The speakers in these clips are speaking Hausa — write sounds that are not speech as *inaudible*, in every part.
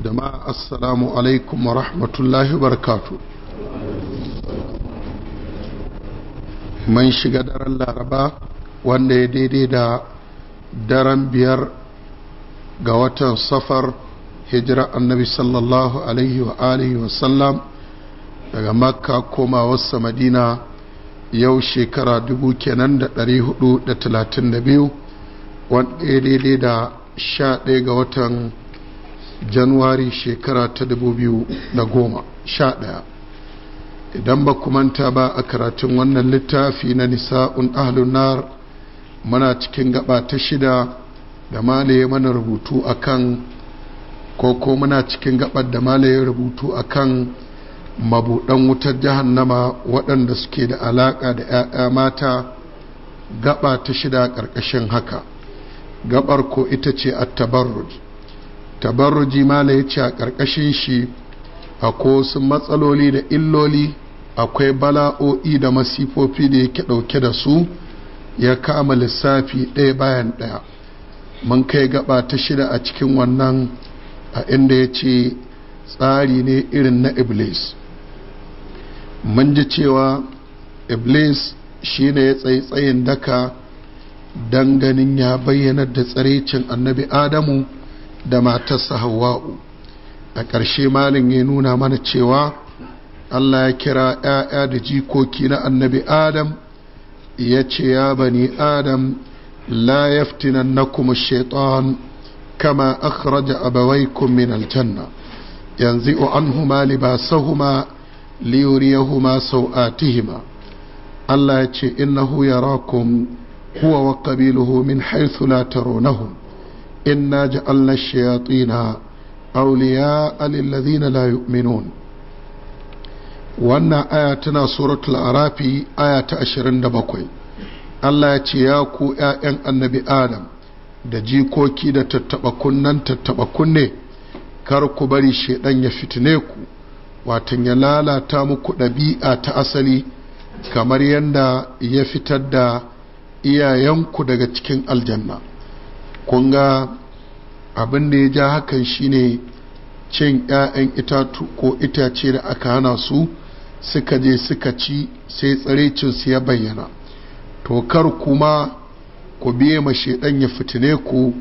da ma assalamu alaikum wa rahmatullahi barkatu man shiga daren laraba wanda ya daidai da daren biyar ga watan safar hijira annabi sallallahu alaihi wa alihi wa sallam daga makka koma wasa madina yau shekara dubu kenan da ɗari hudu da talatin da biyu wanda ya daidai da sha ɗaya ga watan januwari shekara ta da goma sha ɗaya. idan ba manta ba a karatun wannan littafi na nisa'un ahlun nar muna cikin gaba ta shida da malaye mana rubutu akan ko koko muna cikin gabar da malaye rubutu akan mabuɗan wutar jahannama waɗanda suke da alaƙa da 'ya'ya mata gaba ta shida ƙarƙashin haka gabar ko ita ce a tabarruj tabarruji mala ya ce a ƙarƙashin shi akwai su matsaloli da illoli akwai bala'o'i da masifofi da yake ɗauke da su ya kama lissafi ɗaya bayan ɗaya mun kai gaba ta shida a cikin wannan a inda ya ce tsari ne irin na iblis mun ji cewa iblis shi ne ya tsaye daka don ganin ya bayyana da tsarecin annabi adamu da matarsa hawa'u a ƙarshe malin ya nuna mana cewa Allah ya kira ‘ya'ya da jikoki na annabi Adam ya ce ya bani Adam la yaftinan na kuma shaitan kama akhraja abawaikum min aljanna yanzu anhuma libasahuma liyuriyahuma sau'atihima Allah ya ce innahu yarakum huwa wa qabiluhu min haythu la taruwnahum inna ja'alna shayatina awliya lilladhina la yu'minun wannan aya tana suratul arafi aya ta 27 Allah ya ce ya ku ƴaƴan annabi adam da jikoki da tattaɓa kunnen tattaɓa kunne kar ku bari shedan ya fitine ku watan ya lalata muku ɗabi'a ta asali kamar yadda ya fitar da iyayenku daga cikin aljanna kun ga abin da ya ja hakan shine cin 'ya'yan itatu ko itace da aka hana su suka je suka ci sai tsarecinsu ya bayyana to kar kuma ku biye ma shaidan ya fitine ku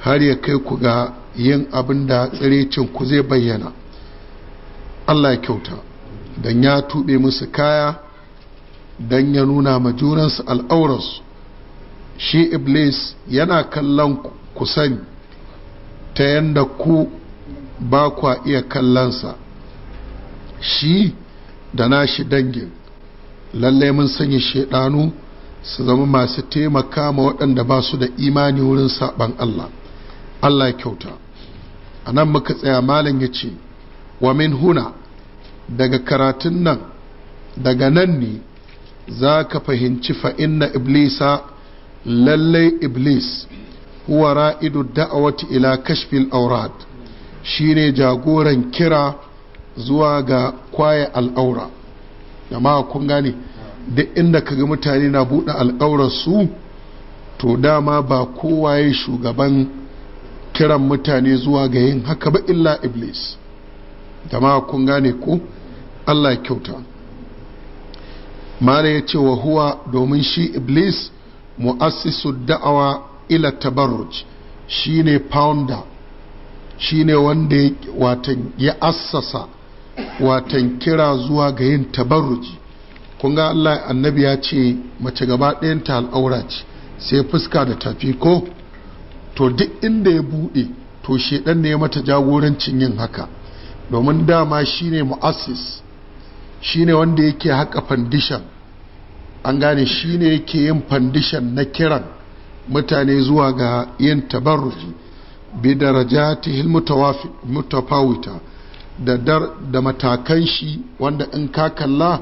har ya kai ku ga yin abin da tsarecin ku zai bayyana Allah ya kyauta don ya tuɓe musu kaya don ya nuna ma junansu al'aurarsu shi iblis yana kallon kusan ta yadda ku ba kwa iya kallonsa shi da nashi dangin lallai mun sanya shaidanu su zama masu taimaka ma waɗanda ba su da imani wurin saɓan Allah Allah ya kyauta a nan muka tsaya malam ya ce wa min huna daga karatun nan daga nan ne za ka fahimci fa'inna iblisa lallai iblis huwa ra'idu da'awati ila kashfil aurat shine jagoran kira zuwa ga kwaye al'aura jama'a kun gane duk inda kaga mutane na buɗe al'aurar su to dama ba kowa ya shugaban kiran mutane zuwa ga yin haka ba illa iblis jama'a kun gane ko Allah kyauta Mara ya ce wa huwa domin shi iblis mu'assisu da'awa ila tabarruj shine founder shine wanda watan ya assasa watan kira zuwa ga yin tabarruji kun ga Allah annabi ya ce mace gaba ɗayanta al'aura ce sai fuska da tafi ko to duk inda ya buɗe to shedan ne ya mata jagorancin yin haka domin dama shine mu'assis shine wanda yake haka foundation an gane shi ne yake yin fandishan na kiran mutane zuwa ga yin tabarruji bi darajatihil mutafawita da dar da matakan shi wanda in ka kalla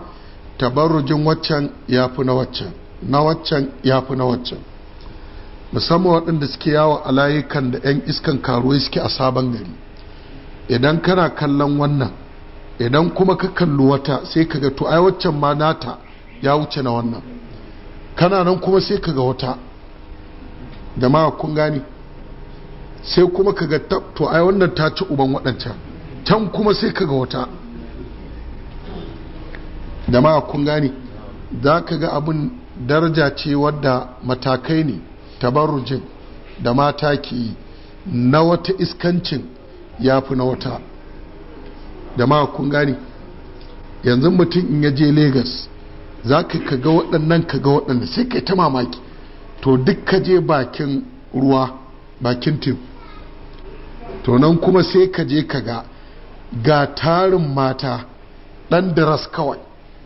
tabarrujin waccan ya fi na waccan na waccan ya fi na waccan musamman waɗanda suke yawo a layukan da 'yan iskan karuwa suke a sabon gari idan kana kallon wannan idan kuma ka kalli wata sai ka ga to ai waccan ma nata ya wuce na wannan kana nan kuma sai kaga wata jama'a kun gani sai kuma kaga to ai wannan ta ci uban waɗancan can kuma sai kaga wata jama'a kun gani za ka ga abin daraja ce wadda matakai ne tabarujin da mata ke na wata iskancin ya fi na wata jama'a kun gani yanzu mutum in ya je Legas za ka kaga waɗannan kaga waɗannan sai kai ta mamaki to duk ka je bakin ruwa bakin tim to nan kuma sai ka je kaga ga tarin mata ɗan daras kawai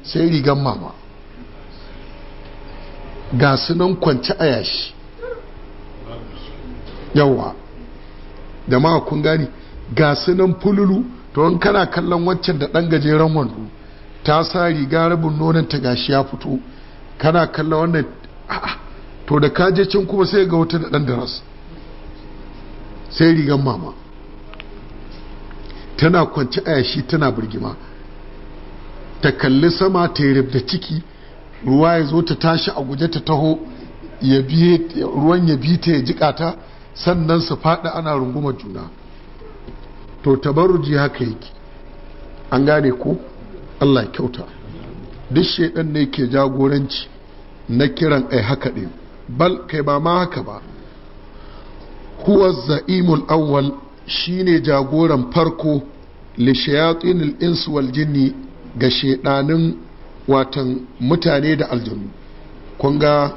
sai rigan mama ga su nan kwanci a yashi yawa da ma kun gani ga su nan fululu to in kana kallon wancan da ɗan gajeren wando ta sa riga rabin nonon ta gashi ya fito kana kalla wannan to da je can kuma sai ga wata da dan daras sai rigan mama tana kwanci a yashi tana birgima ta kalli sama ta yi da ciki ruwa ya zo ta tashi a guje ta taho ruwan ya bi ta ya jika ta sannan su faɗa ana rungumar juna to tabarruji haka yake an gane ko Allah kyauta duk shaidan ne ke jagoranci na kiran ai haka ɗin bal kai ba ma haka ba huwa za'imul awwal shine jagoran farko li shayatinil ins wal jinni ga shaidanin watan mutane da aljanu kun ga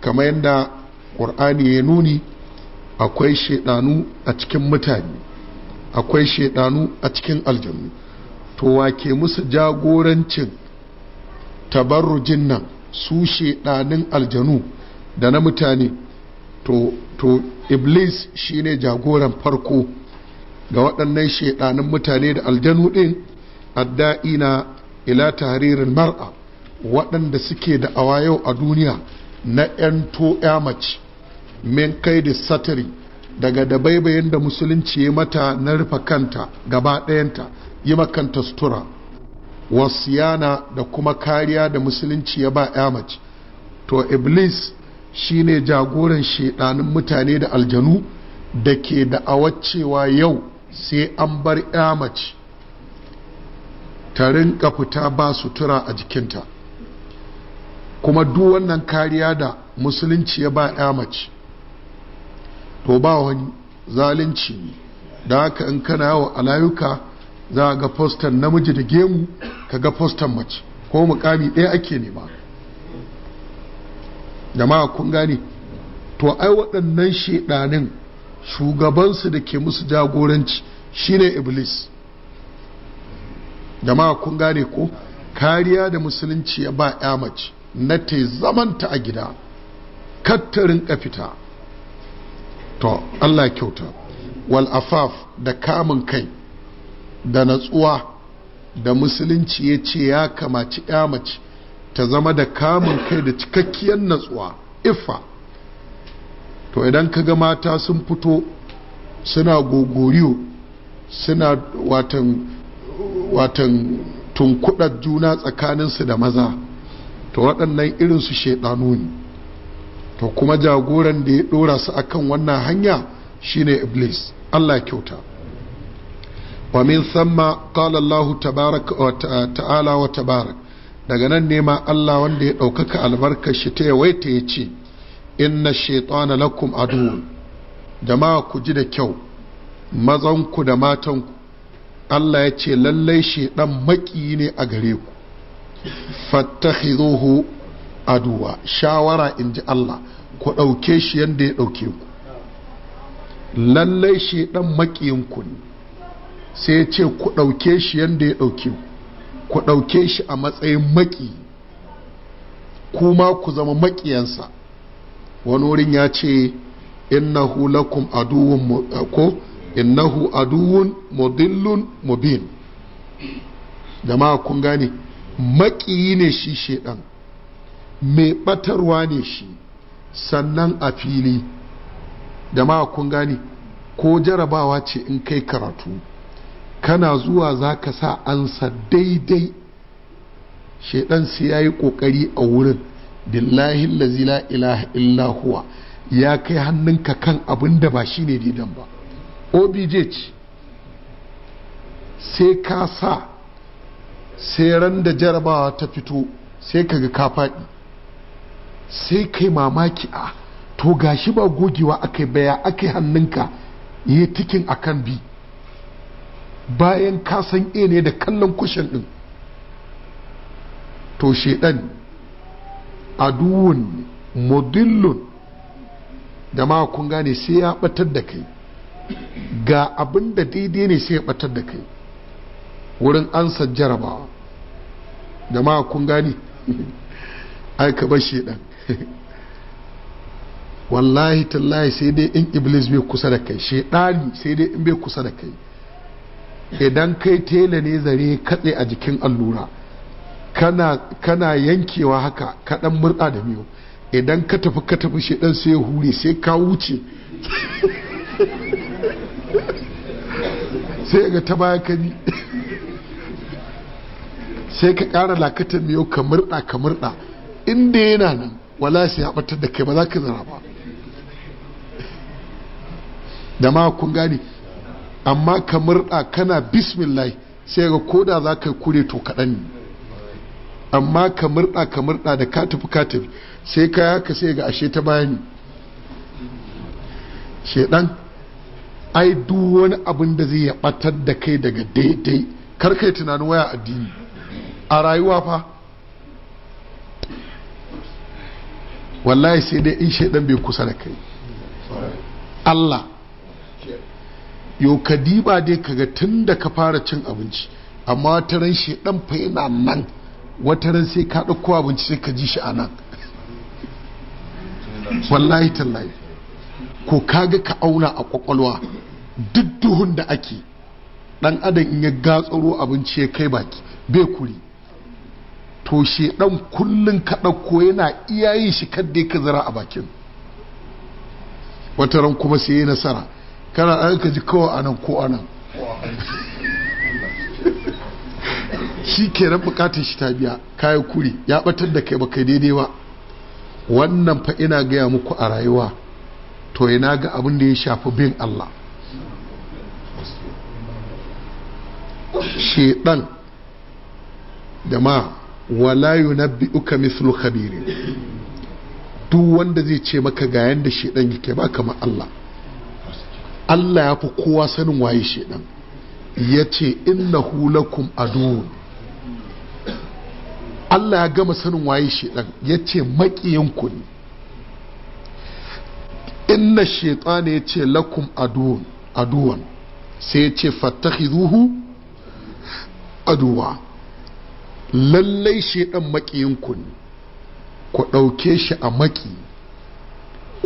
kamar yadda qur'ani ya nuni akwai shaidanu a cikin mutane akwai shaidanu a cikin aljanu to wake musu jagorancin tabarrujin nan su shedanin aljanu da na mutane to, to iblis shine jagoran farko ga waɗannan shedanin mutane da aljanu ɗin adda'ina ila tahririn mar'a waɗanda suke da awa yau a duniya na 'yan to mace min kai da satiri daga dabaibayin da musulunci ya mata na rufe kanta gaba ɗayanta yi makanta sutura wasiyana da kuma kariya da musulunci ya ba ya to iblis shine jagoran shedanin mutane da aljanu da ke da'awar cewa yau sai an bar ya mace ta rinka fita ba sutura a jikinta kuma duk wannan kariya da musulunci ya ba ya to ba wani zalunci ne da haka in kana yawo a layuka za ga fostan namiji da gemu ka ga fostan mace ko mukami ɗaya ake nema jama'a kun gane to ai waɗannan shaidanin shugabansu da ke musu jagoranci shine iblis jama'a kun gane ko kariya da musulunci ya ba ya mace na te zamanta a gida kattarin fita to Allah kyauta wal afaf da kamun kai da natsuwa da musulunci ya ce ya kamaci ya mace ta zama da kamun kai da cikakkiyar natsuwa ifa to idan ka ga mata sun fito suna gogoriyo suna watan watan tunkuɗar juna tsakaninsu da maza to waɗannan irinsu shaidanu ne to kuma jagoran da ya dora su akan wannan hanya shine iblis Allah kyauta wa min thamma qala Allah tabaraka wa ta'ala wa tabaarak daga nan ne ma Allah wanda ya ɗaukaka albarka shi ta yawaita yace ce inna shaytana lakum aduwwun jama'a ku ji da kyau mazanku da matanku Allah ya ce lallai shaidan maki ne a gare ku fattakhiduhu aduwa shawara in ji Allah ku ɗauke shi yadda ya ɗauke ku lallai shi ɗan maƙiyinku ne sai ya ce ku ɗauke shi yadda ya ɗauke ku ku ɗauke shi a matsayin maƙi kuma ku zama maƙiyansa wani wurin ya ce innahu lakum aduwun ko innahu aduwun mudillun mubin jama'a kun gane maƙiyi ne shi shedan mai batarwa ne shi sannan a fili da ma kun gani ko jarabawa ce in kai karatu kana zuwa za ka sa ansa daidai shaidan su ya yi kokari a wurin billahi lazi la ilaha illa ya kai hannunka kan abin da ba shi ne didan ba obj sai ka sa sai ran da jarabawa ta fito sai kaga ka faɗi sai kai mamaki a ah, to gashi ba gogewa aka baya aka hannunka ya tikin akan bi bayan ka san e ne da kallon kushin din to shedan aduwun mudillun da ma kun gane sai ya batar da kai ga abin daidai ne sai ya batar da kai wurin ansa jarabawa da ma kun gane *laughs* ai ka bar shedan *laughs* wallahi tallahi sai dai in iblis bai kusa da kai shaidani sai dai in bai kusa da kai idan kai tela ne zare katse a jikin allura kana kana yankewa haka kaɗan murɗa da miyo idan ka tafi ka tafi shaidan sai hure sai ka wuce *laughs* sai ga ta baya ka *laughs* sai ka ƙara lakatan miyo ka murɗa ka murɗa inda yana nan wala sai ya batar da kai ba za ka zara ba da ma kun gane amma ka murɗa kana bismillah sai ga koda za ka kure to kaɗan amma ka murɗa ka murɗa da ka tafi ka tafi sai ka ka sai ga ashe ta bayani shedan ai duk wani abin da zai ya batar da kai daga daidai kar kai tunanin waya addini a rayuwa fa wallahi sai dai in shaidan bai kusa da kai Allah yau ka diba dai kaga tun da ka fara cin abinci amma wata ran shaidan fa yana nan wata ran sai ka ɗauko abinci sai ka ji shi a nan wallahi tallahi ko kaga ka auna a kwakwalwa duk duhun da ake dan adam in ya gatsaro abinci ya kai baki bai kuri to shi dan kullun ka ɗauko yana iya yi shi kadda ka zara a bakin wata ran kuma sai yi nasara kana an ka ji kawai anan ko anan shi ke ran bukatar shi ta biya kayan kuri ya batar da kai ba kai daidai ba wannan fa ina gaya muku a rayuwa to ina ga abin da ya shafi bin Allah shedan da ma wala yunabbi'uka mithlu khabiri duk wanda zai ce maka ga yanda shedan yake ba kamar Allah Allah ya fi kowa sanin waye shedan yace innahu lakum aduwwun Allah ya gama sanin waye shedan yace maƙiyanku ne inna shaitana yace lakum lakum aduwan sai yace ce aduwa lallai shi ɗan makiyinku ne ku ɗauke shi a maki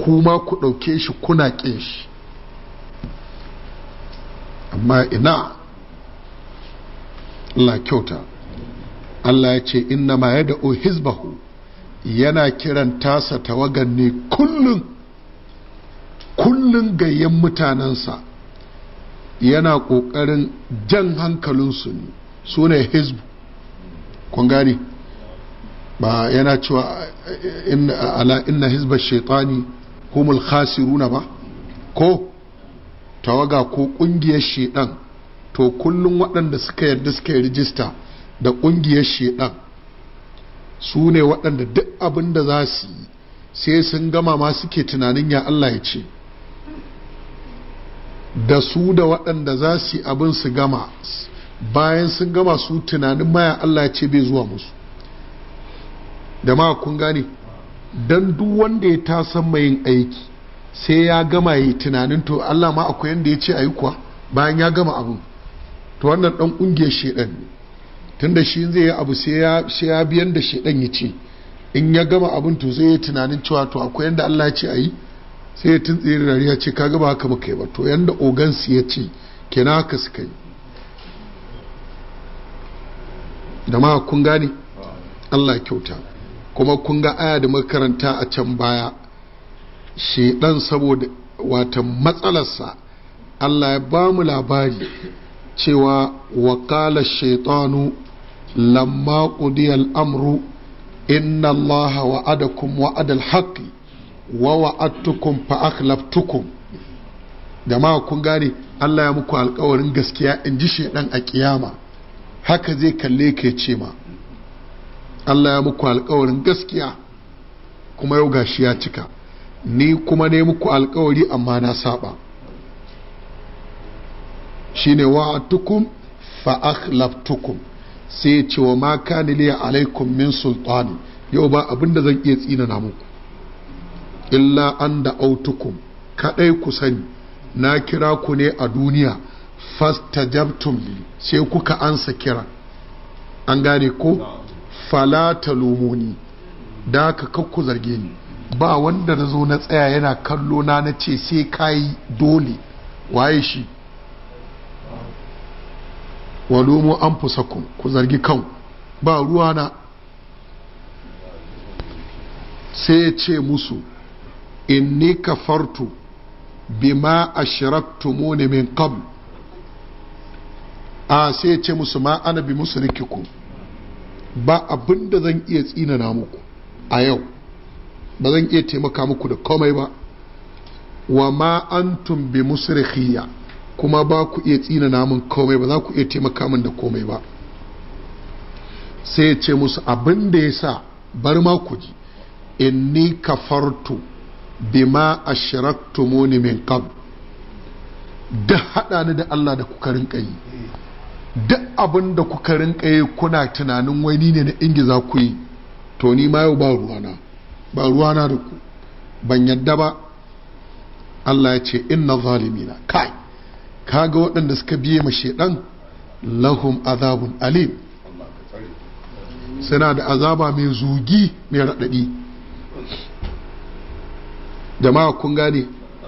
kuma ku ɗauke shi kuna ƙin shi amma ina Allah kyauta Allah ya ce inna ma yada o hizbahu yana kiran tasa tawagan ne kullum kullum gayyen mutanensa yana ƙoƙarin jan hankalinsu ne su ne hizbu kun gane ba yana cewa ala inna hizbar shaitani humul khasiruna ba ko tawaga ko kungiyar shaitan to kullum waɗanda suka yarda suka yi rijista da kungiyar shaitan su ne waɗanda duk abin da za su yi sai sun gama ma suke tunanin ya Allah ya ce da su da waɗanda za su yi abin su gama bayan sun gama su tunanin maya Allah ce bai zuwa musu da ma kun gane don duk wanda ya tasan mai aiki sai ya gama yi tunanin to Allah ma akwai yadda ya ce a yi kuwa bayan ya gama abu to wannan dan kungiyar shaidan ne da shi zai yi abu sai ya biyan da shaidan ya ce in ya gama abin to zai yi tunanin cewa to akwai yadda Allah ya ce a yi sai ya tuntsiri ya ce ka gaba haka muka yi ba to yadda ogansu ya ce kenan haka suka yi ma kun gane Allah kyauta kuma kun ga aya da makaranta a can baya shedan saboda wata matsalarsa Allah ya ba mu labari cewa waƙala shaitanu lamma ƙudiyar amru inna Allah wa'adakum wa'adal haƙi wa wa'adtukum Da jama'a kun gane Allah ya muku alƙawarin gaskiya in ji shaidan a kiyama haka zai kalle ka ce ma Allah ya muku alkawarin gaskiya kuma yau gashi ya cika ni kuma ne muku alkawari amma na saba shine wa'atukum fa akhlaftukum sai ce wa ma kana liya alaikum min sultani yau ba da zan iya tsinana muku illa an da autukum kadai ku sani na kira ku ne a duniya fastajabtum li sai kuka ansa kira an gane ko fala talumuni da ka kakku zarge ni ba wanda na zo na tsaya yana kallo na na ce sai kayi dole waye shi walumu an fusakun ku zargi kan ba ruwa na sai ya ce musu in ka inni kafartu bima ashraktumuni min qabl a sai ya ce musu ma ana bi musu rikiku ba abin da zan iya tsinana muku a yau ba zan iya taimaka muku da komai ba wa ma antum bi rikiya kuma ba ku iya tsinana min komai ba za ku iya taimaka min da komai ba sai ya ce musu abin da ya sa bar ma ku ji in inni kafartu bima ashraktumuni min qabl da haɗa ni da Allah da kuka rinka yi duk abin da kuka rinka yi kuna tunanin wani ne na ingiza ku yi to ni ma yau ba ruwana ba ruwana da ku ban yadda ba Allah ya ce inna zalimina kai kaga waɗanda suka biye ma shedan lahum azabun alim suna da azaba mai zugi mai raɗaɗi jama'a kun gane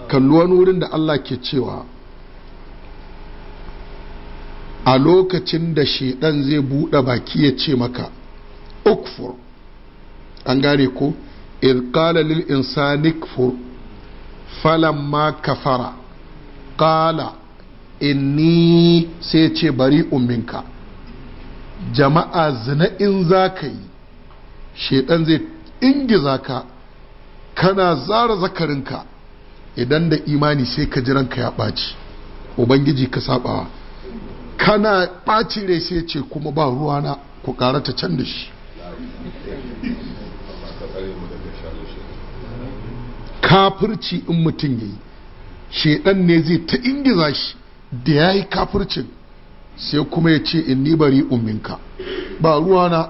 kalli wani wurin da Allah ke cewa a lokacin da shaidan zai buɗe baki ya ce maka ukfur an gane ko irkala lil insani kfur falamma kafara kala inni sai ce bari umminka jama'a zina in za ka yi shaidan zai ingiza ka kana zara zakarinka idan da imani sai ka jiranka ya ɓaci ubangiji ka saɓawa kana ɓaci rai sai ce kuma ba ruwa na ku karata can da shi kafirci in mutum ya yi shaidan ne zai ta ingiza shi da ya yi kafircin sai kuma ya ce in ni bari umminka ba ruwana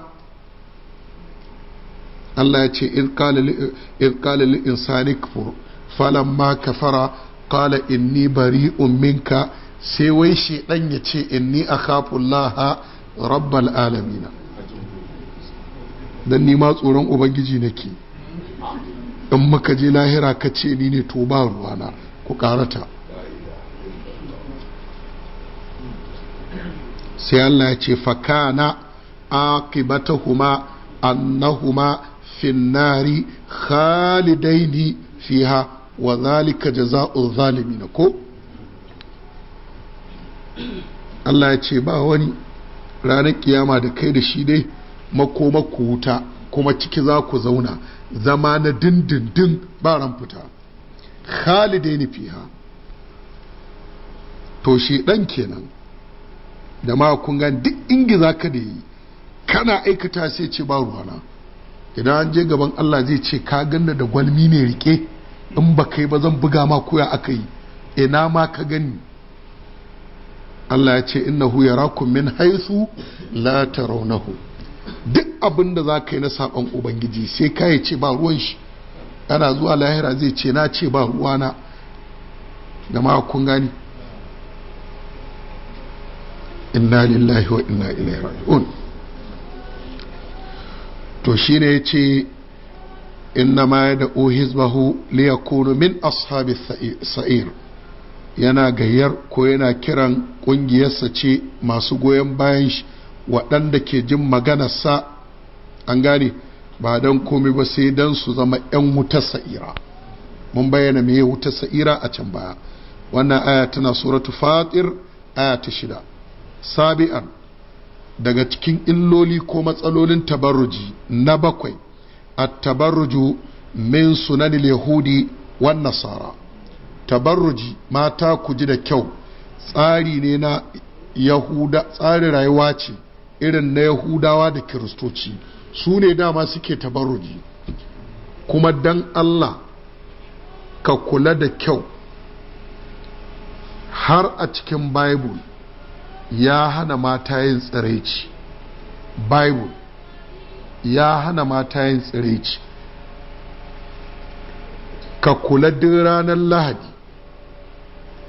Allah ya ce in kala li insani ma ka kafara kala in ni bari umminka sai wai shaidan ya ce inni laha rabbal alamina don ni tsoron ubangiji nake in muka je lahira ka ce ni ne to ba ruwa na ku karata sai Allah ya ce fakana aqibatahuma annahuma finnari khalidaini fiha wa zalika zalimi na ko Allah ya ce ba wani ranar kiyama da kai da shi dai mako mako wuta kuma ciki za ku zauna zama na dindindin ba ran fita ni fiha to shi dan kenan da ma kun ga duk ingiza ka da yi kana aikata sai ce ba ruwana idan an je gaban Allah zai ce ka ganna da gwalmi ne rike in ba kai ba zan buga ma koya aka yi ina ma ka gani Allah ya ce innahu yarakum min haisu la tarawnahu duk abin da zaka yi na saban ubangiji sai ka ce ba ruwan shi ana zuwa lahira zai ce na ce ba ruwana ma kun gani inna lillahi wa inna ilaihi raji'un to shine yace inna ma da hizbahu liyakunu min ashabi sa'ir yana gayyar ko yana kiran ƙungiyarsa ce masu goyon bayan shi waɗanda ke jin maganarsa an gane ba don komai ba sai don su zama 'yan wutar sa'ira mun bayyana me wutar sa'ira a can baya wannan aya tana suratu fatir aya ta shida sabi'an daga cikin illoli ko matsalolin tabarruji na bakwai a tabarruju min sunanil yahudi wan nasara tabarruji mata ku ji da kyau tsari ne na yahuda tsari rayuwa ce irin na yahudawa da kiristoci su ne dama suke tabarruji kuma dan Allah ka kula da kyau har a cikin bible ya hana mata yin tsiraici bible ya hana mata yin tsiraici ka kula duk ranar lahadi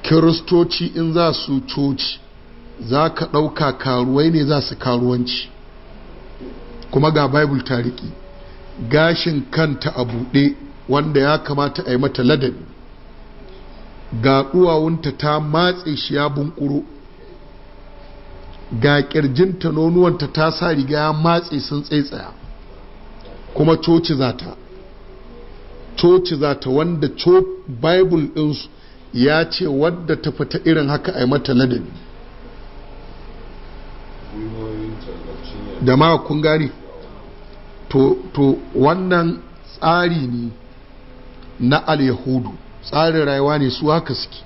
kiristoci in za su coci za ka ɗauka karuwai ne za su karuwanci kuma ga bible tariki gashin kanta a buɗe wanda ya kamata a yi mata ladabi ga ɗuwawunta ta matse shi ya bunƙuro ga ƙirjinta nonuwanta ta sa riga ya matse sun tsaitsaya kuma coci za ta coci za ta wanda bible ɗinsu ya ce wadda ta fita irin haka a mata ladabi da ma kun gari to wannan tsari ne na al-yahudu tsarin rayuwa ne su haka suke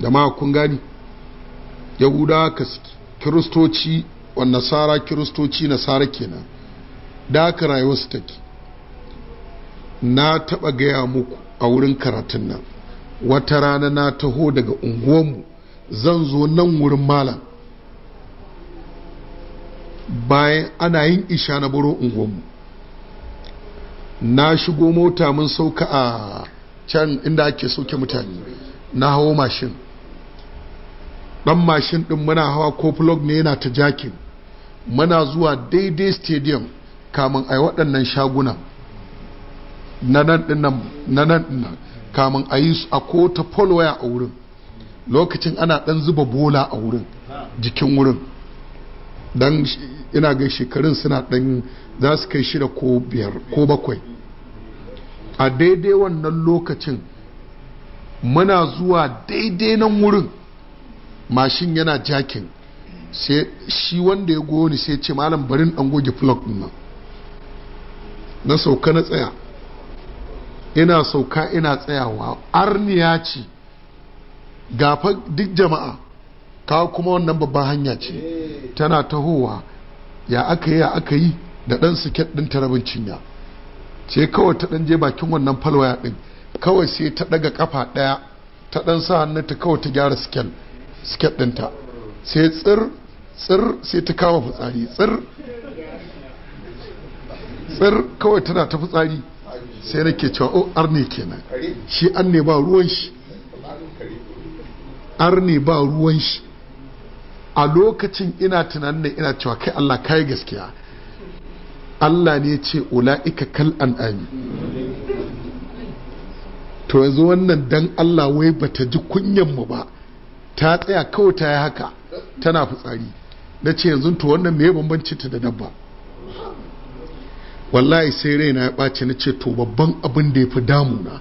da ma kun gani yahuda haka suke kiristoci wa nasara kiristoci nasara kenan da haka su take na taɓa gaya muku a wurin karatun nan wata rana na taho daga unguwanmu zan zo nan wurin malam bayan ana yin isha na baro unguwanmu na shigo mota mun sauka a can inda ake sauke mutane na hawo mashin dan mashin ɗin muna hawa ko plug ne yana ta jakin muna zuwa daidai stadium kamun ai waɗannan shaguna na nan dinnan nan dinnan kamun a yi su a kota polwaya a wurin lokacin ana dan zuba bola a wurin jikin wurin don ina ga shekarun suna dan za su kai shida ko biyar ko bakwai a daidai wannan lokacin muna zuwa daidai nan wurin mashin yana jakin sai shi wanda ya goni sai ce malam barin an goge plug din nan na sauka na tsaya ina sauka ina tsayawa arniya ce gafa duk jama'a ka kuma wannan babban hanya ce tana tahowa ya aka yi ya aka yi da ɗan siket ɗin tarabin cinya ce kawai ta ɗan je bakin wannan falwaya ɗin kawai sai ta ɗaga ƙafa ɗaya ta ɗan sa hannu ta kawai ta gyara siket ɗinta sai tsir tsir sai ta kama fitsari tsir kawai tana ta fitsari sai nake cewa o oh, arne kenan shi arne ba ruwan shi arne ba ruwan shi a lokacin ina tunanin da ina cewa kai Allah kai gaskiya Allah ne ce ula'ika kal an'ami to yanzu wannan dan Allah wai bata ji kunyan mu ba ta tsaya kawai ta yi haka tana fitsari na ce yanzu to wannan me bambanci ta da dabba wallahi sai raina ya ɓace na ce to babban abin da ya fi na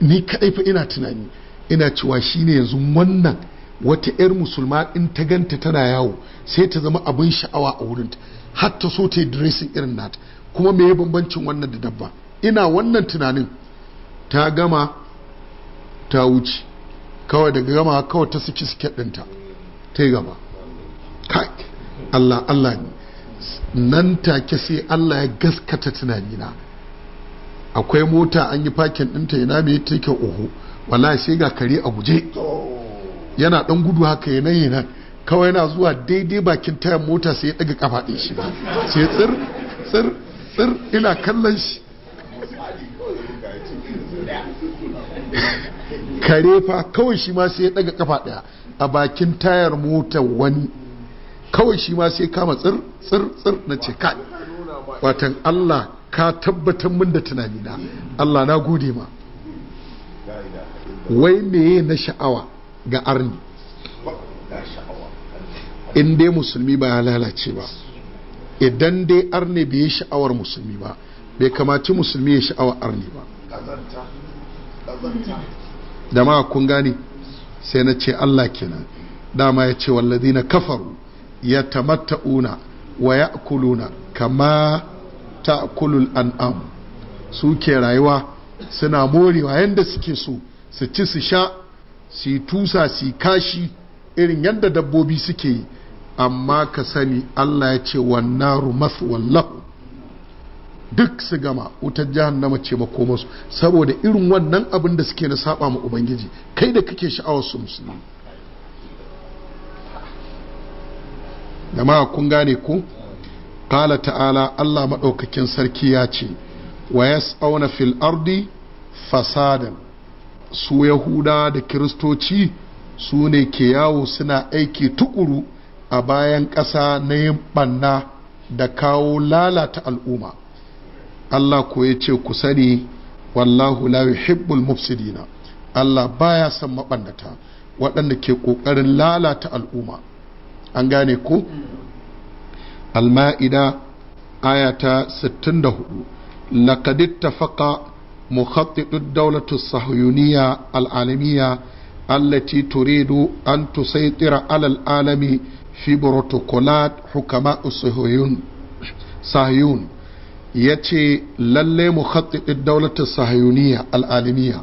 ni kaɗai fa ina tunani ina cewa shine yanzu wannan wata 'yar musulma in ta ganta tana yawo sai ta zama abin sha'awa a wurin har ta so ta yi dressing irin nata kuma me ya bambancin wannan da dabba ina wannan tunanin ta gama ta wuce kawai daga gama kawai ta saki siket ɗinta ta yi gama kai Allah Allah ne nan take sai Allah ya gaskata tunani na akwai mota an yi fakin ɗinta ina mai take oho wala sai ga kare a guje yana ɗan gudu haka yana yana kawai yana zuwa daidai bakin tayan mota sai ya ɗaga kafa ɗin shi sai tsir tsir tsir ina kallon shi kare fa kawai shi ma sai ya ɗaga kafa ɗaya a bakin tayar mota wani kawai shi ma sai kama tsir tsir tsir na ce ka watan Allah ka tabbatar min da na. Allah na gode ma wai meye na sha'awa ga arni in dai musulmi ba ya lalace ba idan dai arni bai yi sha'awar musulmi ba bai kamaci musulmi ya sha'awar arni ba da ma kun gane sai na ce Allah kenan dama ya ce wallazi na kafaru yatamatta'una wa ya'kuluna kama ta'kulul an'am suke rayuwa suna morewa yanda suke so su ci su sha su tusa su kashi irin yadda dabbobi suke amma ka sani Allah ya ce wannaru wallahu duk su gama wutar jahannama ce makomarsu saboda irin wannan abin da suke na saba ma ubangiji kai da kake sha'awar su musulmi jama'a kun gane ku qala ta'ala Allah madaukakin sarki ya ce wa ya fil ardi fasadan su yahuda da kiristoci su ne ke yawo suna aiki tukuru a bayan ƙasa na yin ɓanna da kawo lalata al'umma Allah ko ya ce ku sani wallahu la yuhibbul mufsidina Allah baya son maɓannata waɗanda ke ƙoƙarin lalata al'umma an gane ko alma'ida ayata 64 laqadit tafaqa mukhattidud dawlatu sahyuniyya al'alamiyya allati turidu an tusaytira alal alami fi protokolat hukama usuhuyun sahyun yace lalle mukhattidud dawlatu sahyuniyya al'alamiyya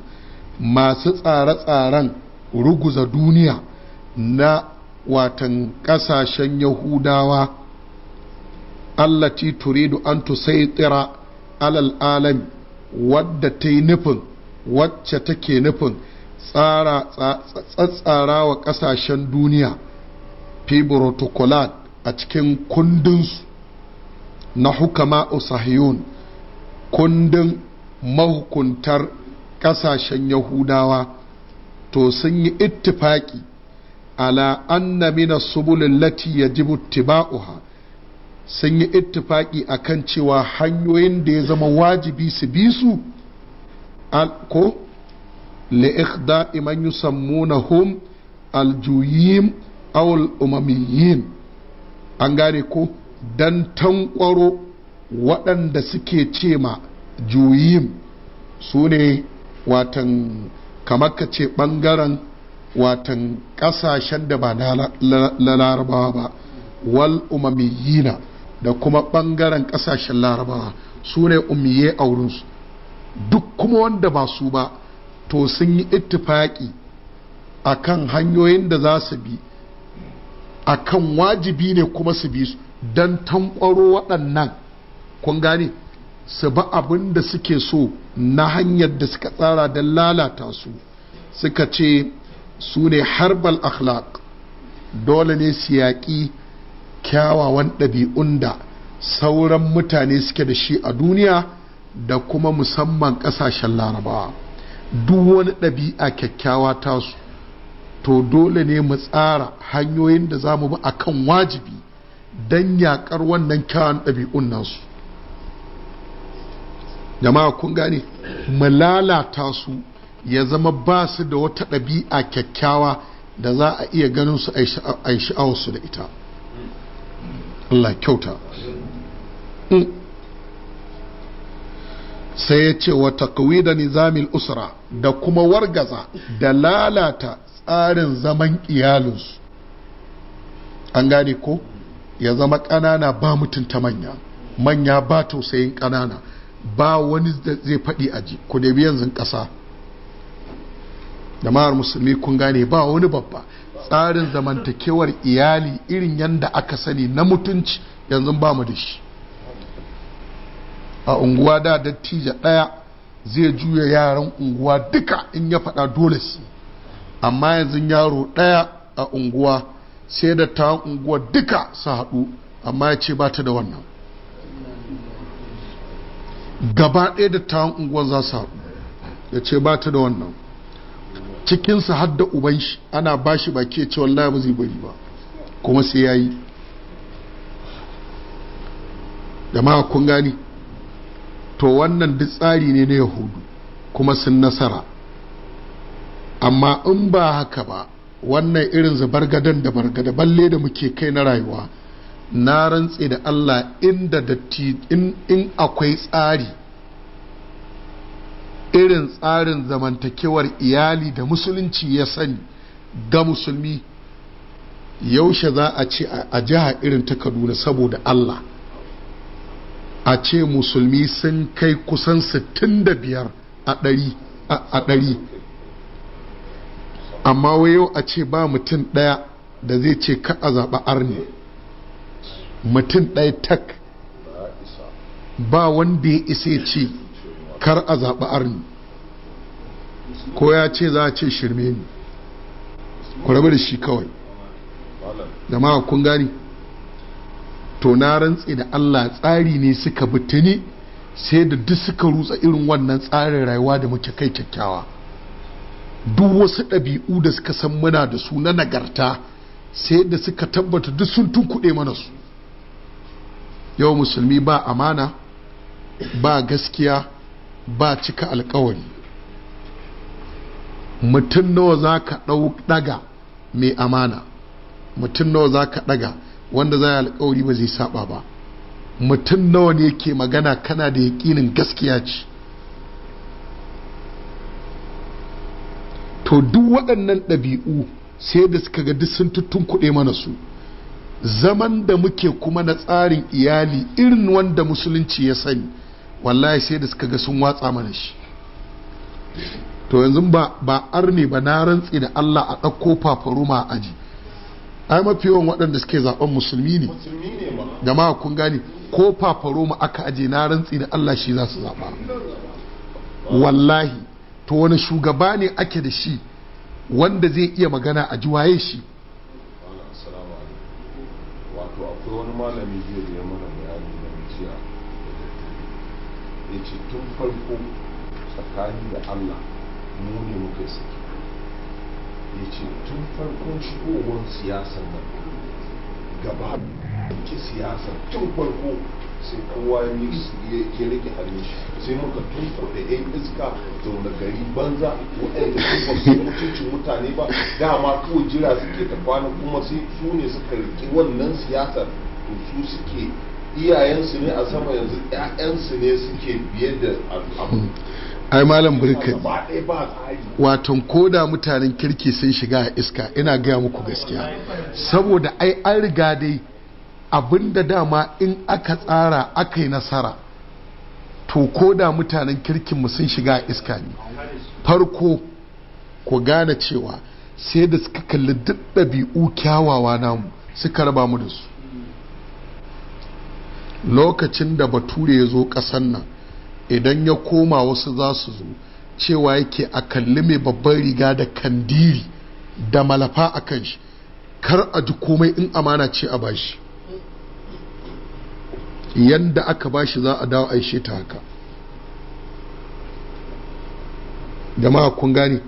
masu tsare-tsaren ruguza duniya na watan ƙasashen yahudawa allati turidu an tusaitira alal alami wadda ta yi nufin wacce take nufin tsara wa ƙasashen duniya fi protocolat a cikin kundinsu na hukama usahiyun kundin mahukuntar ƙasashen yahudawa to sun yi ittifaki ala anna min as-subul allati yajibu ittiba'uha sun yi ittifaki akan cewa hanyoyin da ya zama wajibi su bi su ko li ikhda'i man yusammunahum al-juyim aw al-umamiyyin an gane ko dan tankwaro waɗanda suke ce ma juyim su watan kamar ka ce ɓangaren watan ƙasashen da ba na larabawa ba wal umamiyina da kuma ɓangaren ƙasashen larabawa su ne umiye a wurinsu duk kuma wanda ba su ba to sun yi ittifaƙi a kan hanyoyin da za su bi a kan wajibi ne kuma su bi su don tankwaro waɗannan kun gane su ba abin da suke so na hanyar da suka tsara don lalata su suka ce su ne harbal akhlaq dole ne su yaƙi kyawawan ɗabi'un da sauran mutane suke da shi a duniya da kuma musamman ƙasashen larabawa duk wani ɗabi'a kyakkyawa tasu to dole ne mu tsara hanyoyin da za mu bi a kan wajibi don yaƙar wannan kyawun ɗabi'un nasu jama'a kun gane mu lalata su ya zama ba su da wata ɗabi'a kyakkyawa da za a iya ganin su a yi sha'awarsu da ita Allah kyauta mm. sai ya ce wa takwi da nizamil usra da kuma wargaza da lalata tsarin zaman iyalinsu an gane ko ya zama ƙanana ba mutunta manya manya ba tausayin ƙanana ba wani zai faɗi aji ku da yanzu ƙasa jama'ar musulmi kun gane ba wani babba tsarin zamantakewar iyali irin yadda aka sani na mutunci yanzu ba mu da shi a unguwa da dattija ɗaya zai juya yaran unguwa duka in ya faɗa dole su amma yanzu yaro ɗaya a unguwa sai da ta unguwa duka su haɗu amma ya ce ba ta da wannan gaba ɗaya da ta unguwa za su haɗu ya ce ba ta da wannan Cikinsa har da uban shi ana ba shi ba ke ce wallahi ba zai bari ba kuma sai ya yi jama'a kun gani to wannan duk tsari ne na yahudu kuma sun nasara amma in ba haka ba wannan irin gadan da bargada balle da muke kai na rayuwa na rantse da allah inda in akwai tsari irin tsarin zamantakewar iyali da musulunci ya sani ga musulmi yaushe za a ce a jiha irin ta kaduna saboda allah a ce musulmi sun kai kusan 65 a ɗari amma wai yau a ce ba mutum ɗaya da zai ce ka a zaɓa arni mutum ɗaya tak ba wanda ya isa ce kar a zaɓi arni ko ya ce za a ce shirme ne ku rabu da shi kawai jama'a kun gani to na rantse da Allah tsari ne suka bitini sai da duk suka rutsa irin wannan tsarin rayuwa da muke kai kyakkyawa duk wasu ɗabi'u da suka san muna da su na nagarta sai da suka tabbata duk sun tunkuɗe mana su yau musulmi ba amana ba gaskiya ba cika alkawari mutum nawa za ka daga mai amana mutum nawa za ka daga wanda za yi alkawari ba zai saba ba mutum nawa ne ke magana kana da yaƙinin gaskiya ce to duk waɗannan ɗabi'u sai da suka ga duk sun kuɗe mana su zaman da muke kuma na tsarin iyali irin wanda musulunci ya sani wallahi sai da suka ga sun watsa mana shi to yanzu ba ba arne ba na rantsi da Allah a ɗauko fafaru a aji ai mafi yawan waɗanda suke zaben musulmi ne jama'a kun gane ko ma aka aje na rantsi da Allah shi za su zaɓa wallahi to wani shugaba ne ake da shi wanda zai iya magana a ji waye shi wato akwai wani malami jiya da ya ce tun farko tsakani da allah mu ne muka yi saki ya ce tun farkon shigowar siyasar nan gaba ke siyasar tun farko sai kowa ya rike hannun shi sai muka tunko da yan iska zaune gari banza waɗanda su ba su mutunci mutane ba dama kawai jira suke ta kwana kuma sai su ne suka rike wannan siyasar to su suke iyayensu ne a sama yanzu ƴaƴansu ne suke biye da abu hmm. ai malam burkani watan koda mutanen kirki sun shiga a iska ina gaya muku gaskiya saboda ai an riga dai abinda dama in aka tsara aka yi nasara to koda mutanen kirkin mu sun shiga a iska ne farko ku gane cewa sai da suka kalli duk ɗabi'u kyawawa namu suka raba mu da su lokacin da bature ya zo ƙasan nan idan ya koma wasu za su zo cewa yake a kalli mai babban riga da kandiri da malafa a kan shi kar a ji komai in amana ce a bashi yanda aka bashi za a dawo aishe ta haka jama'a kun gane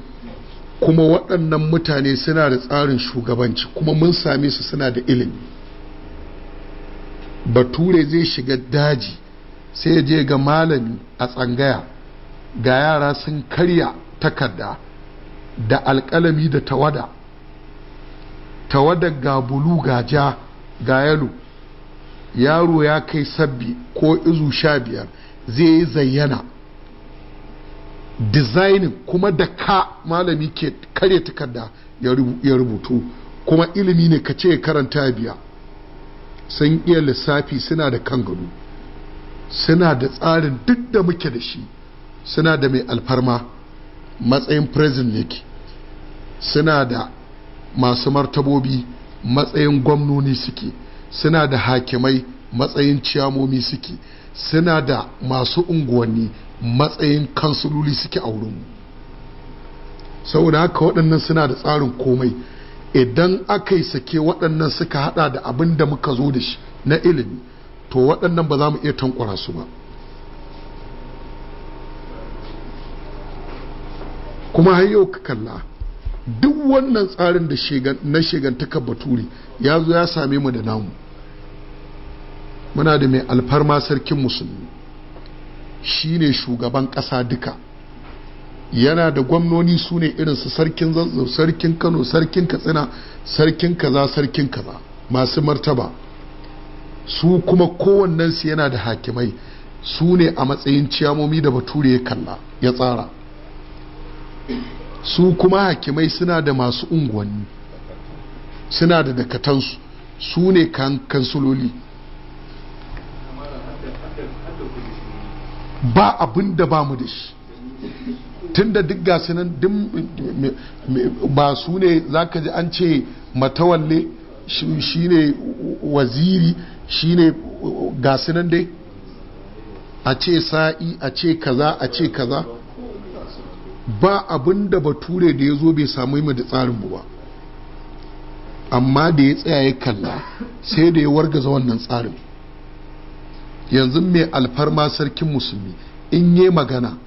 kuma waɗannan mutane suna da tsarin shugabanci kuma mun same su suna da ilimi bature zai shiga daji sai ya je ga malami a tsangaya ga yara sun karya takarda da alkalami da tawada tawada ga bulu ga ja ga yalo yaro ya kai sabbi ko izu sha biyar zai yi zayyana dizainin kuma da ka malami ke karya takarda ya rubutu kuma ilimi ne ka ce karanta biya sun iya lissafi suna da kan gado suna da tsarin duk da muke da shi suna da mai alfarma matsayin prison yake suna da masu martabobi matsayin gwamnoni suke suna da hakimai matsayin ciyamomi suke suna da masu unguwanni matsayin kansuloli suke a wurin saboda haka waɗannan suna da tsarin komai idan aka yi sake waɗannan suka hada da abin da muka zo da shi na ilimi to waɗannan ba za mu iya tankwara su ba kuma har yau ka kalla duk wannan tsarin da na shigantaka baturi ya zo ya same mu da namu muna da mai alfarma sarkin musulmi shine shugaban ƙasa duka yana da gwamnoni su ne irin sarkin zanzu sarkin kano sarkin katsina sarkin kaza sarkin kaza masu martaba su kuma kowannensu yana da hakimai su ne a matsayin ciyamomi da bature ya kalla ya tsara su kuma hakimai suna da masu unguwanni suna da dakatansu su ne kansuloli ba abin da ba mu da shi tun da duk gasu nan ba su ne za ji an ce matawalle shi ne waziri shi ne gasu nan dai a ce sa'i a ce kaza a ce kaza ba abin da bature da ya zo bai samu yi da tsarinmu ba amma da ya tsaya ya kalla sai da ya warga wargaza wannan tsarin yanzu mai alfarma sarkin musulmi in yi magana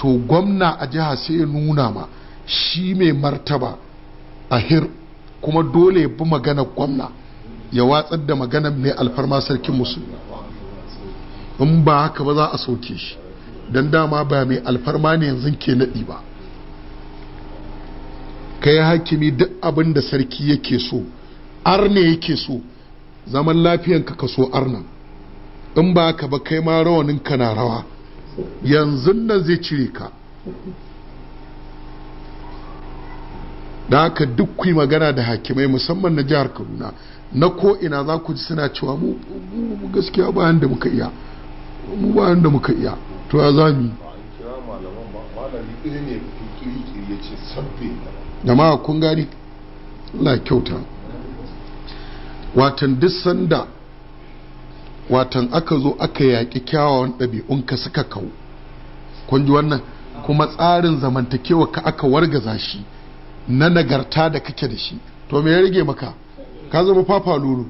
to gwamna a jiha sai ya nuna ma shi mai martaba a hir kuma dole ya bi magana gwamna ya watsar da magana mai alfarma sarkin musulmi in ba haka ba za a sauke shi don dama ba mai alfarma ne yanzu ke naɗi ba ka yi hakimi duk abin da sarki yake so arne yake so zaman lafiyanka ka so arnan in ba haka ba kai ma rawaninka na rawa yanzu nan zai cire ka da haka duk magana da hakimai musamman na jihar kaduna na ko'ina za ku ji suna cewa mu gaskiya bayan da muka iya mu bayan da muka iya to ya za mu ma kun gani la kyauta watan duk sanda watan aka zo aka yaƙi kyawawan ɗabi'un ka suka kau kun ji wannan kuma tsarin zamantakewa ka aka wargaza shi na nagarta da kake da shi to me ya rage maka ka zama fafa lulu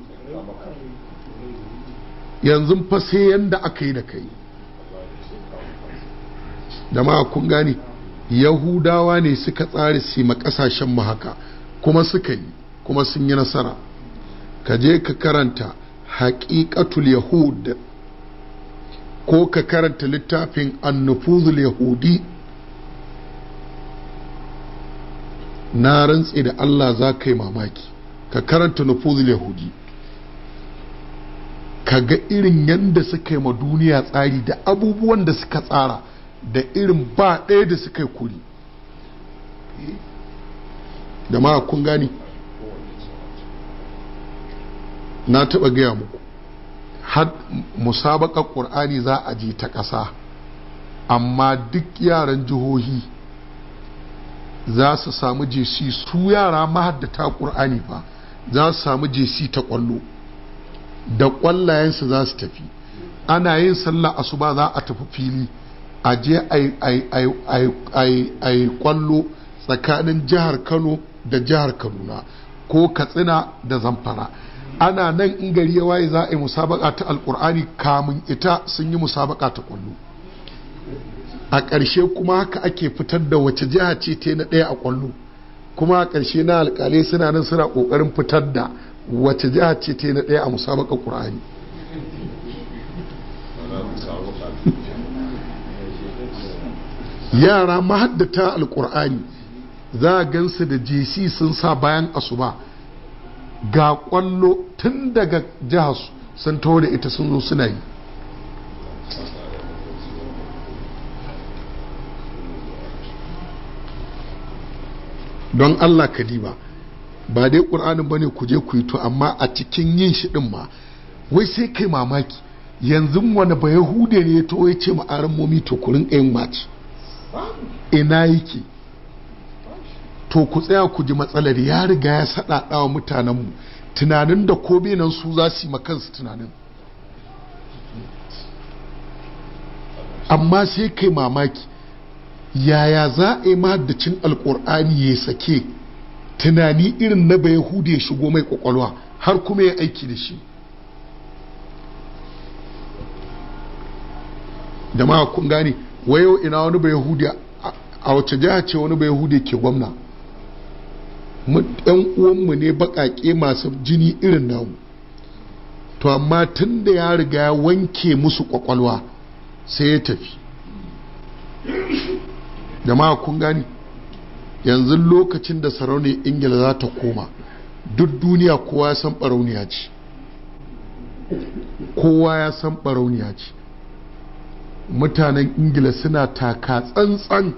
yanzu fa sai yanda aka yi da kai da ma kun gane yahudawa ne suka tsari su ma kasashen mu haka kuma suka yi kuma sun yi nasara ka je ka karanta haƙiƙatul yahud ko ka karanta littafin annufuzul yahudi na rantse da Allah za ka yi mamaki ka karanta nufuzul yahudi ka ga irin yadda suka yi ma duniya tsari da abubuwan da suka tsara da irin ba ɗaya da suka yi kuri da ma kun gani na taɓa gaya muku had musabakar ƙur'ani za a je ta ƙasa amma duk yaran jihohi za su samu jesi su yara mahaddata ƙur'ani fa za su samu jesi ta ƙwallo da ƙwallayensu za su tafi ana yin sallah asuba za a tafi fili a je a yi ƙwallo tsakanin jihar kano da jihar kaduna ko katsina da zamfara ana nan in gari ya waye za a yi musabaka ta alkur'ani kamun ita sun yi musabaka ta kwallo a ƙarshe kuma haka ake fitar da wace jiha ce ta na ɗaya a kwallo kuma a ƙarshe na alƙalai suna nan suna ƙoƙarin fitar da wace jiha ce ta na ɗaya a musabaka ƙur'ani yara mahaddata alƙur'ani za a gansu da jc sun sa bayan asuba ga kwallo tun daga jihar sun tori ita sun zo suna yi don allah kadiba ba dai ƙur'anin ba ne ku je ku yi to amma a cikin yin shi ɗin ma wai sai kai mamaki yanzu wani ba yahude ne ya to ya ce ma'aran momi to kurin ɗayan mace ina yake to ku tsaya ku ji matsalar ya riga ya saɗaɗa wa mutanenmu tunanin da ko nan su za su yi makansu tunanin amma sai kai mamaki yaya za a yi mahaddacin alƙur'ani ya sake tunani irin na bai hudu ya shigo mai kwakwalwa har kuma ya aiki da shi jama'a kun gane wayo ina wani bai hudu a wace jiha ce wani bai hudu ke gwamna yan uwanmu ne baƙaƙe masu jini irin namu to amma tun da ya riga ya wanke musu ƙwaƙwalwa sai ya tafi jama'a kun gani yanzu lokacin da sarauniyar ingila za ta koma duk duniya kowa ya san barauniya ce kowa ya san barauniya ce mutanen ingila suna taka tsantsan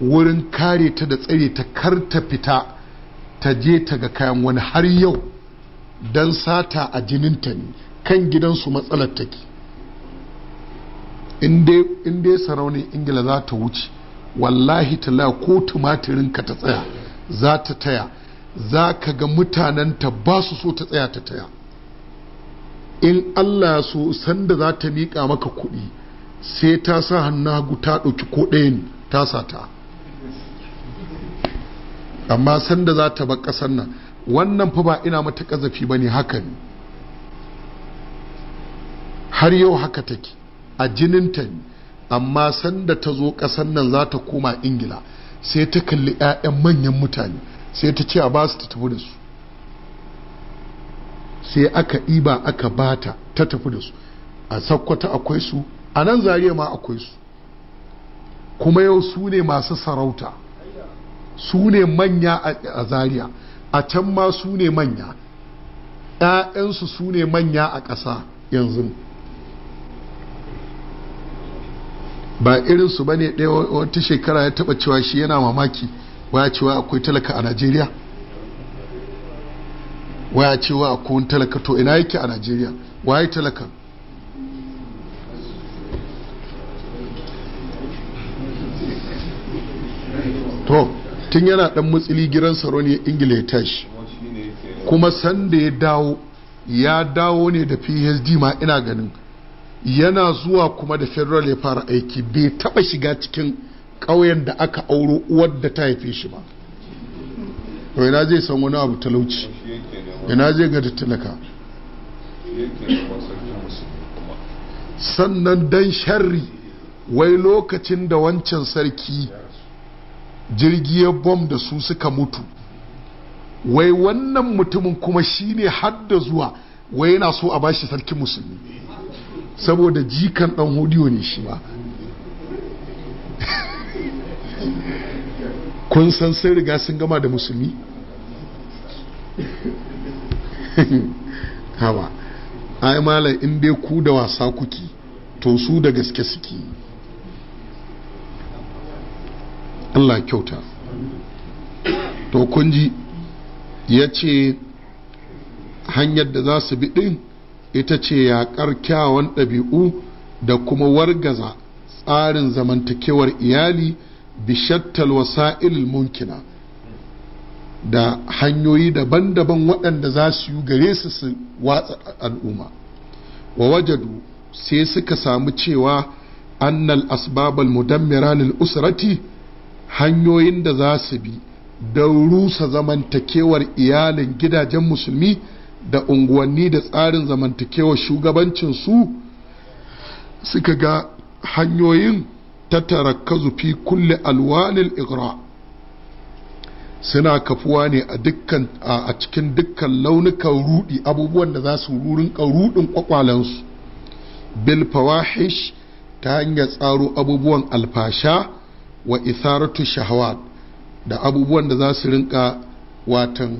wurin kare ta da tsare ta kar ta fita ta je ta ga kayan wani har yau don sata a jininta ne kan gidansu matsalar take in dai sarauni ingila za ta wuce wallahi ta tala ko tumatirin ka ta tsaya za ta taya za ka ga ta ba su so ta tsaya ta taya in allah so sanda za ta miƙa maka kuɗi sai ta sa hannu hagu ta ɗauki ko ɗaya ne ta sata amma sanda za ta bar ƙasar nan wannan fa ba ina mata ƙazafi ba ne haka ne har yau haka take a jininta ne amma sanda ta zo ƙasar nan za ta koma ingila sai ta kalli 'ya'yan manyan mutane sai ta ce a ba su ta tafi da su sai aka iba aka bata ta tafi da su a sakkwata akwai su a nan zariya ma akwai su kuma yau su ne masu sarauta su ne manya a zaria a can ma su ne manya ‘ya'yansu su ne manya a ƙasa yanzu ba irinsu ba ne ɗaya wata shekara ya taɓa cewa shi yana mamaki waya cewa akwai talaka a najeriya waya cewa akwai talaka to ina yake a najeriya waya talaka to tun yana dan mutsili gidan ya ingila ya tashi kuma sanda ya dawo ya dawo ne da phd ma ina ganin yana zuwa kuma da federal ya fara aiki bai taba shiga cikin ƙauyen da aka auro uwar da ta haife shi ba to ina zai san wani abu talauci ina zai ga da talaka sannan dan sharri wai lokacin da wancan sarki jirgiyar bom da su suka mutu wai wannan mutumin kuma shi ne hadda zuwa wai yana so a bashi sarki musulmi saboda jikan dan hudiyo ne shi ba *laughs* kun san sai riga sun gama da musulmi *laughs* hawa ai malam in dai ku da wasa kuki to su da gaske suke Allah kyauta to kunji ya ce hanyar da za su bi ɗin ita ce yaƙar kyawun ɗabi'u da kuma wargaza tsarin zamantakewar iyali bishattal wasa'il munkina da hanyoyi daban-daban waɗanda za su yi gare su su watsa al'umma wa wajadu sai suka samu cewa annal asbabal mudammiralil usrati usrati hanyoyin da za su bi da rusa zamantakewar iyalin gidajen musulmi da unguwanni da tsarin zamantakewar shugabancin su suka ga hanyoyin tatarakazu fi kulle alwalil igra suna kafuwa ne a a cikin dukkan launukan rudi abubuwan da za su rurin rudin ƙwaƙwalansu. bil fawahish ta hanyar tsaro abubuwan alfasha wa isaratu shahawat da abubuwan da za su rinka watan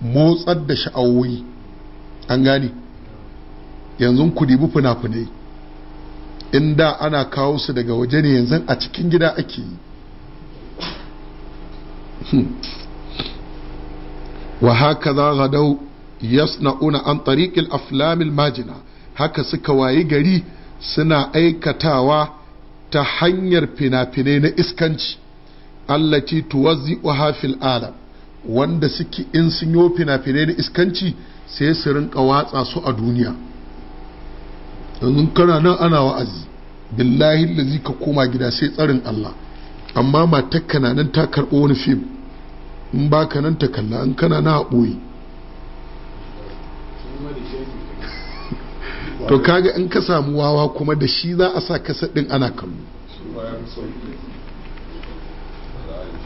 motsar da sha'awoyi an gani yanzu ku dibi fina-finai in da ana kawo su daga waje ne yanzu a cikin gida ake yi hmm. wa haka za dau yasna'una an tariqil aflamil majina haka suka wayi gari suna aikatawa ta hanyar fina-finai na iskanci allati tuwazzi fil alam wanda suke in sun yi fina-finai na iskanci sai su rinka watsa su a duniya yanzu kana nan ana wa'azi billahi lazi ka koma gida sai tsarin Allah amma matakka na nan ta karɓo wani fim in ba ka nan ta kalla in kana na ɓoye to kaga in ka samu wawa kuma da shi za a sa kasa din ana kallo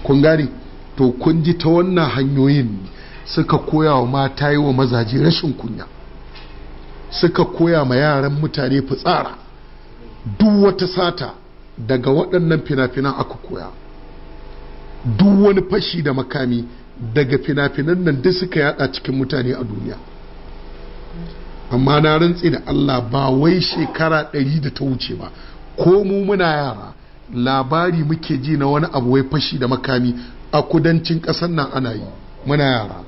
kun gane to kun ji ta wannan hanyoyin suka koya wa mata yi wa mazaje rashin kunya suka koya ma yaran mutane fitsara duk wata sata daga waɗannan fina-finan aka koya duk wani fashi da makami daga fina-finan nan duk suka yada cikin mutane a duniya amma na rantse da Allah ba wai shekara ɗari da ta wuce ba ko mu muna yara labari muke ji na wani abu wai fashi da makami a kudancin ƙasar nan ana yi muna yara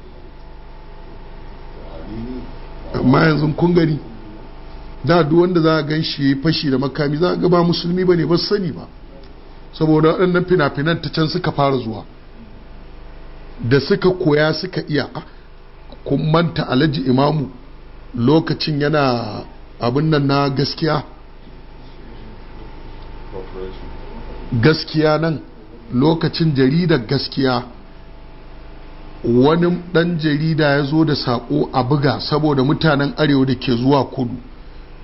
amma yanzu kun gani da duk wanda za a gan shi ya fashi da makami za a ga ba musulmi ba ne ba sani ba saboda waɗannan fina-finan ta can suka fara zuwa da suka koya suka iya kun manta alhaji imamu lokacin yana abin nan na gaskiya gaskiya nan lokacin jaridar gaskiya wani ɗan jarida ya zo da saƙo a buga saboda mutanen arewa da ke zuwa kudu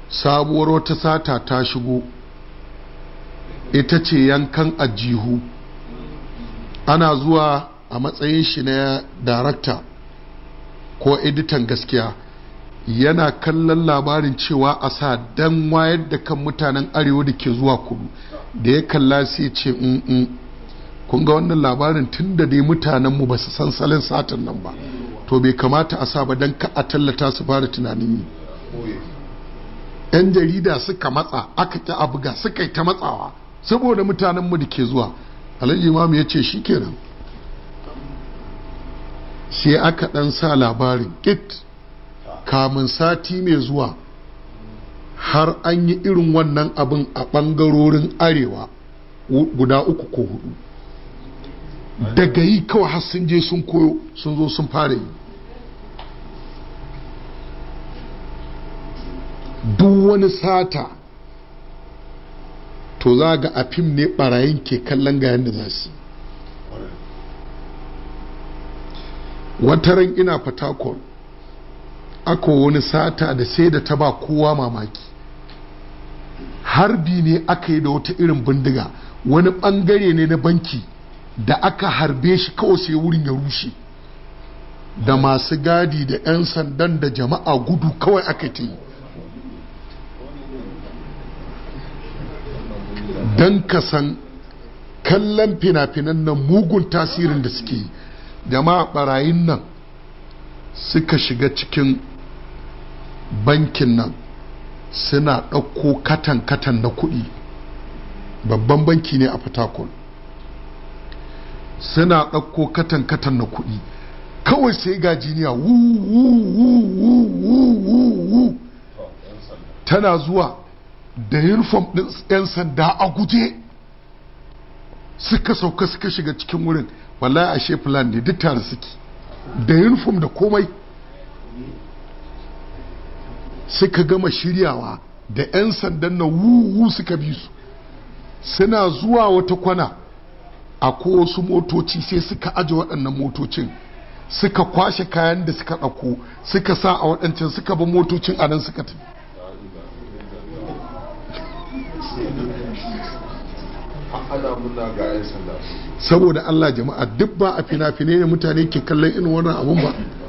sabuwar wata sata ta shigo ita ce yankan ajihu ana zuwa a matsayin shi na darakta ko editan gaskiya yana kallon labarin cewa a sa dan wayar da kan mutanen arewa da ke zuwa kudu da ya kalla sai ce in mm, mm. kun ga wannan labarin tun da dai mutanen mu ba su san salin satin nan ba to bai kamata a sa ba dan ka a tallata su fara tunanin yi yan jarida suka matsa aka ta ga suka yi ta matsawa saboda mutanen mu da ke zuwa alhaji imamu ya ce shi kenan sai aka dan sa labarin kit kamun sati mai zuwa har an yi irin wannan abin a ɓangarorin arewa guda uku ko hudu daga yi kawai har sun je sun koyo sun zo sun fara yi duk wani sata to za ga a fim ne barayin ke kallon ga yadda za su wataran ina fatakon ako wani sata da sai da ta ba kowa mamaki harbi ne aka yi da wata irin bindiga wani bangare ne na banki da aka harbe shi kawai sai wurin ya rushe da masu gadi da 'yan sandan da jama'a gudu kawai aka ta yi don ka kallon fina-finan nan mugun tasirin da suke jama'a barayin nan suka shiga cikin bankin nan suna ɗauko katan-katan na kuɗi babban banki ne a fatakul suna ɗauko katan-katan na kuɗi kawai sai ga jiniya wu tana zuwa da uniform ɗin 'yan sanda a guje suka sauka suka shiga cikin wurin wallahi ashe fulani ne duk tare suke da uniform da komai suka gama shiryawa da 'yan sandan na wuwu suka bi su suna zuwa wata kwana a wasu motoci sai suka aje waɗannan motocin suka kwashe kayan da suka ɗauko suka sa a waɗancan suka bi motocin a nan suka tafi saboda Allah jama'a duk ba a fina-finai ne mutane ke kallon irin wannan abun ba